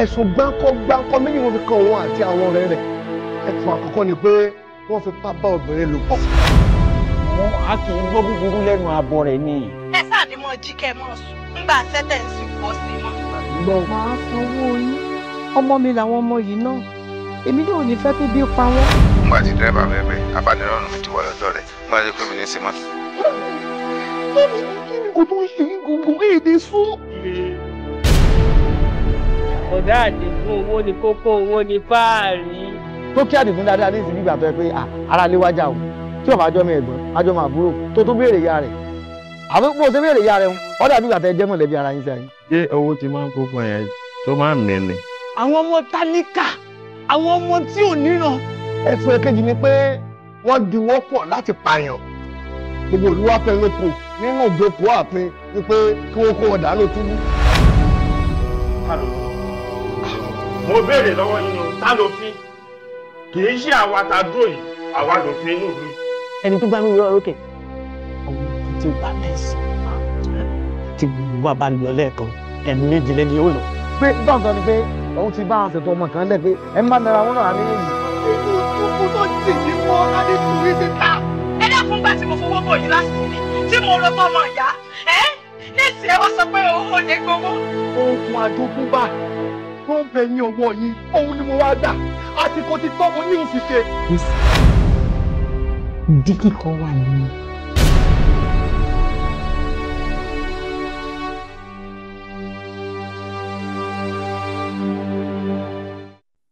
ẹ̀sùn gbáǹkọ́-gbáǹkọ́ méjì wọ́n fi kan òun àti àwọn ọ̀rẹ́ rẹ̀ ẹ̀sùn àkọ́kọ́ ni pé wọ́n fipá bá obìnrin lò pọ̀. wọn á kì í gbọ́ búburú lẹ́nu abọ́ rẹ̀ ni. ẹ sáà ni mo jí kẹ́ ẹ mọ̀ sùn nígbà sẹ́tẹ̀ ń sùn pọ̀ sí mọ́. màá sanwó yín ọmọ mi làwọn ọmọ yìí náà èmi náà ò ní fẹ́ kí bí pa wọ́n. nígbà tí dẹ́rẹ́bà bẹ̀rẹ̀ abánirọ́nù ti wà lọ́dọ̀ rẹ̀ nígbà tí pèmí ní sinmi. kí ni kò tó ń ṣe gbogbo èdè sún ọ̀gá àdìgún owó ni kókó owó ni fáàrí. tó kí àdìgún dáadáa ní ìsìnkú ìgbà tó yẹ pé ara lé wájà o tí ọba àjọmọ ẹ̀gbọ́n àjọmọ àbúrò tó tó béèrè ìyá rẹ̀ àbí bó ṣe béèrè ìyá rẹ̀ wọn dàbí ìgbà tẹ jẹ mọ̀lẹ́bí ara yín sẹ́yìn. ṣé owó ti máa ń kó fún ẹyẹ tó máa ń mìíní. àwọn ọmọ táníkà àwọn ọmọ tí ò níran. ẹ̀sùn ẹ̀kejì ni pé wọ́n diwọ́ pọ̀ láti pààyàn gbogbo olúwa fẹ́ẹ́ kù nínú ìjókòó ààfin wípé kí wọ́n kó wọn dànù túbú mo béèrè lọ́wọ́ yín o ta ló fi kì í ṣe àwa ta dúró yìí àwa ló fi inú mi. ẹni tó bá mi rọ lókè àwọn ọmọ tí gbà mẹ́sàn tí wà bá lọ lẹ́ẹ̀kan ẹ̀mí méjìlẹ́ ni ó lọ. pé dọ́ǹtọ́ ni pé òun ti bá àwọn ṣètò ọmọ kan lẹ́ pé ẹ má nara wọn náà níyì. inú ìdúkú tó ti ní mọ́ adé kùrí ti ta. ẹ dákun gbà tí mo fowó bò yìí láti tí mo rọ fọmọ ìyá ẹ ní ìsìn ẹ wá sọ pé òun ò ní gbogbo. ohun adógúnbà hundred ní ọwọ́ yín òun ni mo wá gbà àsìkò ti tọ́ mo ní òfìfẹ́. di kíkọ wà nínú.